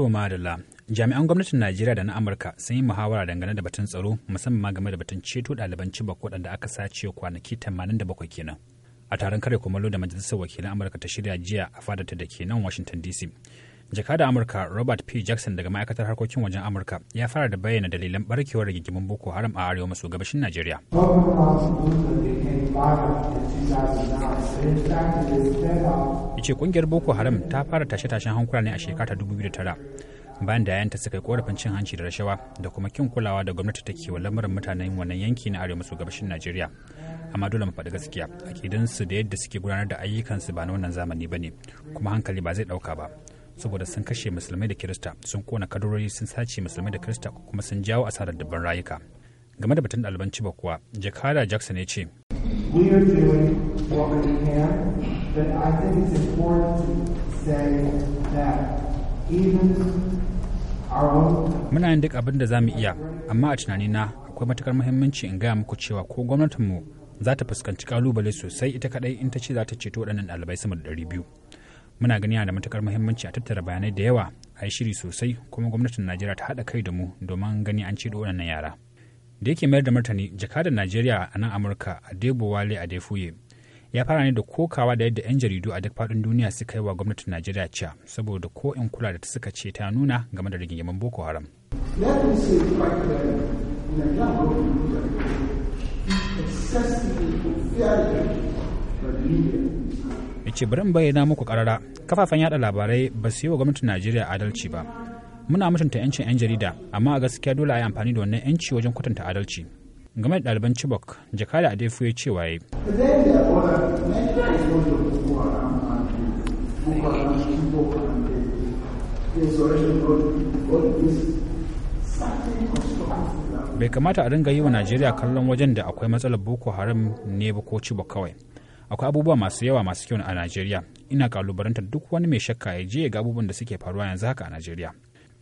To madalla, jami'an gwamnatin Najeriya da na Amurka sun yi muhawara dangane da batun tsaro musamman ma game da batun ceto ɗaliban Chibok waɗanda aka sace kwanaki tamanin da bakwai kenan. A taron kare kumallo da Majalisar Wakilan Amurka ta shirya jiya a fadata da ke nan Washington DC. Jakada Amurka Robert P. Jackson daga ma'aikatar harkokin wajen Amurka ya fara da bayyana dalilan barkewar rigigimin Boko Haram a arewa maso gabashin Najeriya. ya ce kungiyar boko haram ta fara tashe-tashen hankula ne a shekara ta tara bayan da yayanta suka yi korafin cin hanci da rashawa da kuma kin kulawa da gwamnati take wa lamarin mutanen wannan yanki na arewa maso gabashin najeriya amma dole mu faɗi gaskiya su da yadda suke gudanar da ayyukansu ba na wannan zamani ba ne kuma hankali ba zai ɗauka ba saboda sun kashe musulmai da kirista sun kona kadurori sun sace musulmai da kirista kuma sun jawo asarar dubban rayuka game da batun ɗalibanci ba kuwa jakada jackson ya ce we are doing what we can, but I think it's important to say that even Muna yin duk abin da za mu iya, amma a na akwai matukar muhimmanci in gaya muku cewa ko gwamnatinmu za ta fuskanci kalubale sosai ita kadai in ta ce za ta ceto waɗannan ɗalibai sama da ɗari biyu. Muna gani yana da matukar muhimmanci a tattara bayanai da yawa a yi shiri sosai kuma gwamnatin Najeriya ta haɗa kai da mu domin gani an ceto waɗannan yara. da yake mayar da martani jakadar najeriya a nan amurka a a defuye ya fara ne da kokawa da yadda 'yan jaridu a duk faɗin duniya suka yi wa gwamnatin najeriya ciya saboda ko in kula da ta suka ce ta nuna game da rigingimin boko haram ya ce bari bayyana muku karara kafafen yada labarai ba su yi wa gwamnatin najeriya adalci ba muna mutunta 'yancin 'yan jarida amma a gaskiya dole a yi amfani da wannan 'yanci wajen kwatanta adalci game da ɗaliban chibok jakada adefu ya cewa ya yi. bai kamata a dinga yi wa najeriya kallon wajen da akwai matsalar boko haram ne ba ko chibok kawai akwai abubuwa masu yawa masu kyau a najeriya ina kalubarantar duk wani mai shakka ya je ga abubuwan da suke faruwa yanzu haka a najeriya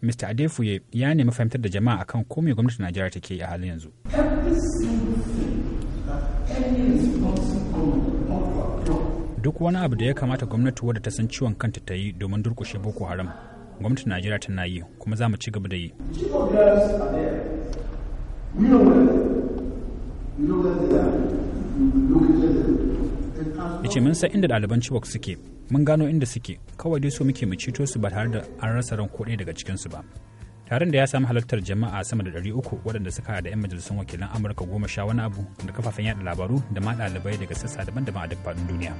Mr. Adefuye ya nemi fahimtar da jama'a akan ko me gwamnatin Najeriya take yi a halin yanzu. Duk wani abu da ya kamata gwamnati wadda ta san ciwon kanta ta yi domin durkushe Boko Haram, gwamnatin Najeriya tana yi kuma za mu ci gaba da yi. Ice mun san inda ɗaliban Chibok suke, mun gano inda suke, kawai dai so muke mu ceto su ba tare da an rasa ran ko daga cikinsu ba taron da ya samu halartar jama'a sama da 300 waɗanda suka hada 'yan majalisun wakilan amurka goma sha wani abu da kafafen yada labaru da ma ɗalibai daga sassa daban-daban a duk faɗin duniya